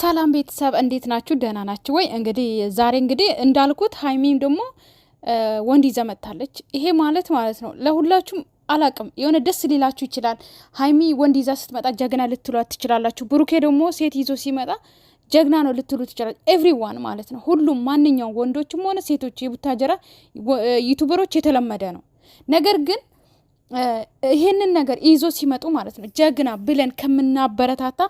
ሰላም ቤተሰብ እንዴት ናችሁ? ደህና ናችሁ ወይ? እንግዲህ ዛሬ እንግዲህ እንዳልኩት ሀይሚም ደግሞ ወንድ ይዛ መጥታለች። ይሄ ማለት ማለት ነው ለሁላችሁም አላቅም የሆነ ደስ ሊላችሁ ይችላል። ሀይሚ ወንድ ይዛ ስትመጣ ጀግና ልትሏት ትችላላችሁ። ብሩኬ ደግሞ ሴት ይዞ ሲመጣ ጀግና ነው ልትሉ ትችላል። ኤቭሪዋን ማለት ነው ሁሉም ማንኛውም ወንዶችም ሆነ ሴቶች የቡታጀራ ዩቱበሮች የተለመደ ነው። ነገር ግን ይህንን ነገር ይዞ ሲመጡ ማለት ነው ጀግና ብለን ከምናበረታታ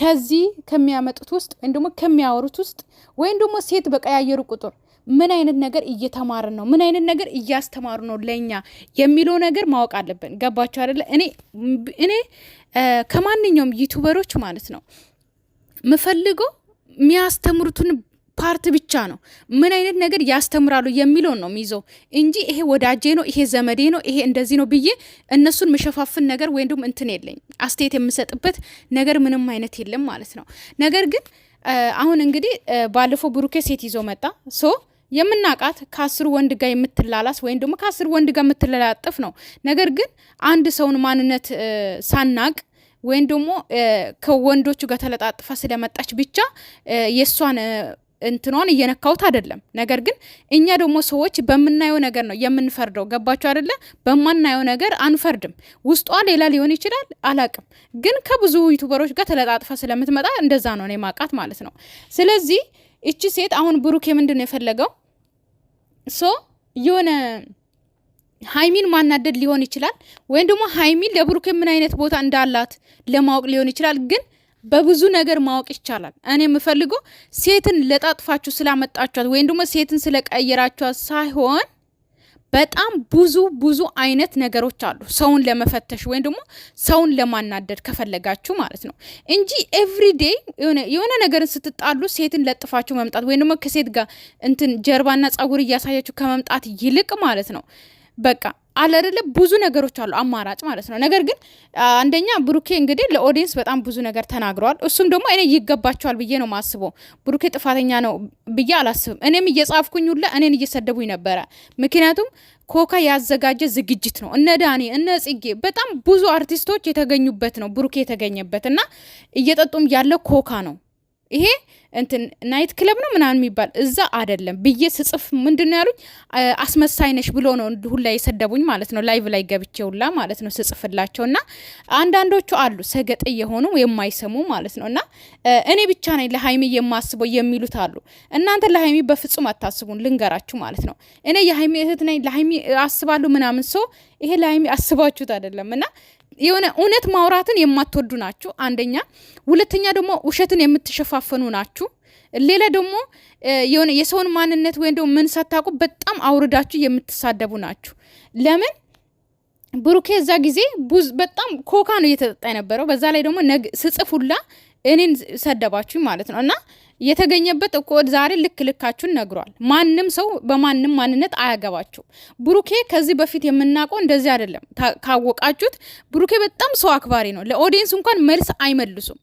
ከዚህ ከሚያመጡት ውስጥ ወይም ደግሞ ከሚያወሩት ውስጥ ወይም ደግሞ ሴት በቀያየሩ ቁጥር ምን አይነት ነገር እየተማርን ነው፣ ምን አይነት ነገር እያስተማሩ ነው ለእኛ የሚለው ነገር ማወቅ አለብን። ገባቸው አደለ? እኔ እኔ ከማንኛውም ዩቱበሮች ማለት ነው ምፈልገው የሚያስተምሩትን ፓርት ብቻ ነው ምን አይነት ነገር ያስተምራሉ የሚለውን ነው የሚይዘው እንጂ ይሄ ወዳጄ ነው፣ ይሄ ዘመዴ ነው፣ ይሄ እንደዚህ ነው ብዬ እነሱን መሸፋፍን ነገር ወይም ደግሞ እንትን የለኝ አስተያየት የምሰጥበት ነገር ምንም አይነት የለም ማለት ነው። ነገር ግን አሁን እንግዲህ ባለፈው ብሩኬ ሴት ይዞ መጣ ሶ የምናቃት ከአስር ወንድ ጋር የምትላላስ ወይም ደግሞ ከአስር ወንድ ጋር የምትለላጥፍ ነው። ነገር ግን አንድ ሰውን ማንነት ሳናቅ ወይም ደግሞ ከወንዶቹ ጋር ተለጣጥፋ ስለመጣች ብቻ የእሷን እንትኗን እየነካውት አይደለም። ነገር ግን እኛ ደግሞ ሰዎች በምናየው ነገር ነው የምንፈርደው። ገባችሁ አይደለ? በማናየው ነገር አንፈርድም። ውስጧ ሌላ ሊሆን ይችላል አላቅም። ግን ከብዙ ዩቱበሮች ጋር ተለጣጥፋ ስለምትመጣ እንደዛ ነው እኔ ማቃት ማለት ነው። ስለዚህ እቺ ሴት አሁን ብሩኬ ምንድን ነው የፈለገው? ሶ የሆነ ሀይሚን ማናደድ ሊሆን ይችላል፣ ወይም ደግሞ ሀይሚን ለብሩኬ ምን አይነት ቦታ እንዳላት ለማወቅ ሊሆን ይችላል ግን በብዙ ነገር ማወቅ ይቻላል። እኔ የምፈልገው ሴትን ለጣጥፋችሁ ስላመጣችኋት ወይም ደግሞ ሴትን ስለቀየራችኋት ሳይሆን በጣም ብዙ ብዙ አይነት ነገሮች አሉ፣ ሰውን ለመፈተሽ ወይም ደግሞ ሰውን ለማናደድ ከፈለጋችሁ ማለት ነው እንጂ ኤቭሪዴ የሆነ ነገርን ስትጣሉ ሴትን ለጥፋችሁ መምጣት ወይም ደግሞ ከሴት ጋር እንትን ጀርባና ጸጉር እያሳያችሁ ከመምጣት ይልቅ ማለት ነው በቃ አለ አይደለ ብዙ ነገሮች አሉ፣ አማራጭ ማለት ነው። ነገር ግን አንደኛ ብሩኬ እንግዲህ ለኦዲየንስ በጣም ብዙ ነገር ተናግረዋል። እሱም ደግሞ እኔ ይገባቸዋል ብዬ ነው ማስበው። ብሩኬ ጥፋተኛ ነው ብዬ አላስብም። እኔም እየጻፍኩኝ ሁላ እኔን እየሰደቡኝ ነበረ። ምክንያቱም ኮካ ያዘጋጀ ዝግጅት ነው። እነ ዳኒ እነ ጽጌ በጣም ብዙ አርቲስቶች የተገኙበት ነው ብሩኬ የተገኘበት እና እየጠጡም ያለ ኮካ ነው ይሄ እንትን ናይት ክለብ ነው ምናምን የሚባል እዛ አደለም ብዬ ስጽፍ ምንድን ነው ያሉኝ? አስመሳይ ነሽ ብሎ ነው ሁላ የሰደቡኝ ማለት ነው። ላይቭ ላይ ገብቼ ሁላ ማለት ነው ስጽፍላቸው እና አንዳንዶቹ አሉ ሰገጥ የሆኑ የማይሰሙ ማለት ነው። እና እኔ ብቻ ነኝ ለሀይሚ የማስበው የሚሉት አሉ። እናንተ ለሀይሚ በፍጹም አታስቡን፣ ልንገራችሁ ማለት ነው። እኔ የሀይሚ እህት ነኝ፣ ለሀይሚ አስባሉ ምናምን ሰው ይሄ ለሀይሚ አስባችሁት አደለም እና የሆነ እውነት ማውራትን የማትወዱ ናችሁ፣ አንደኛ። ሁለተኛ ደግሞ ውሸትን የምትሸፋፈኑ ናችሁ። ሌላ ደግሞ የሆነ የሰውን ማንነት ወይም ደግሞ ምን ሳታውቁ በጣም አውርዳችሁ የምትሳደቡ ናችሁ። ለምን ብሩኬ እዛ ጊዜ ቡዝ በጣም ኮካ ነው እየተጠጣ የነበረው። በዛ ላይ ደግሞ ስጽፍ ሁላ እኔን ሰደባችሁኝ ማለት ነው። እና የተገኘበት እኮ ዛሬ ልክ ልካችሁን ነግሯል። ማንም ሰው በማንም ማንነት አያገባችሁ። ብሩኬ ከዚህ በፊት የምናውቀው እንደዚህ አይደለም። ካወቃችሁት ብሩኬ በጣም ሰው አክባሪ ነው። ለኦዲየንስ እንኳን መልስ አይመልሱም።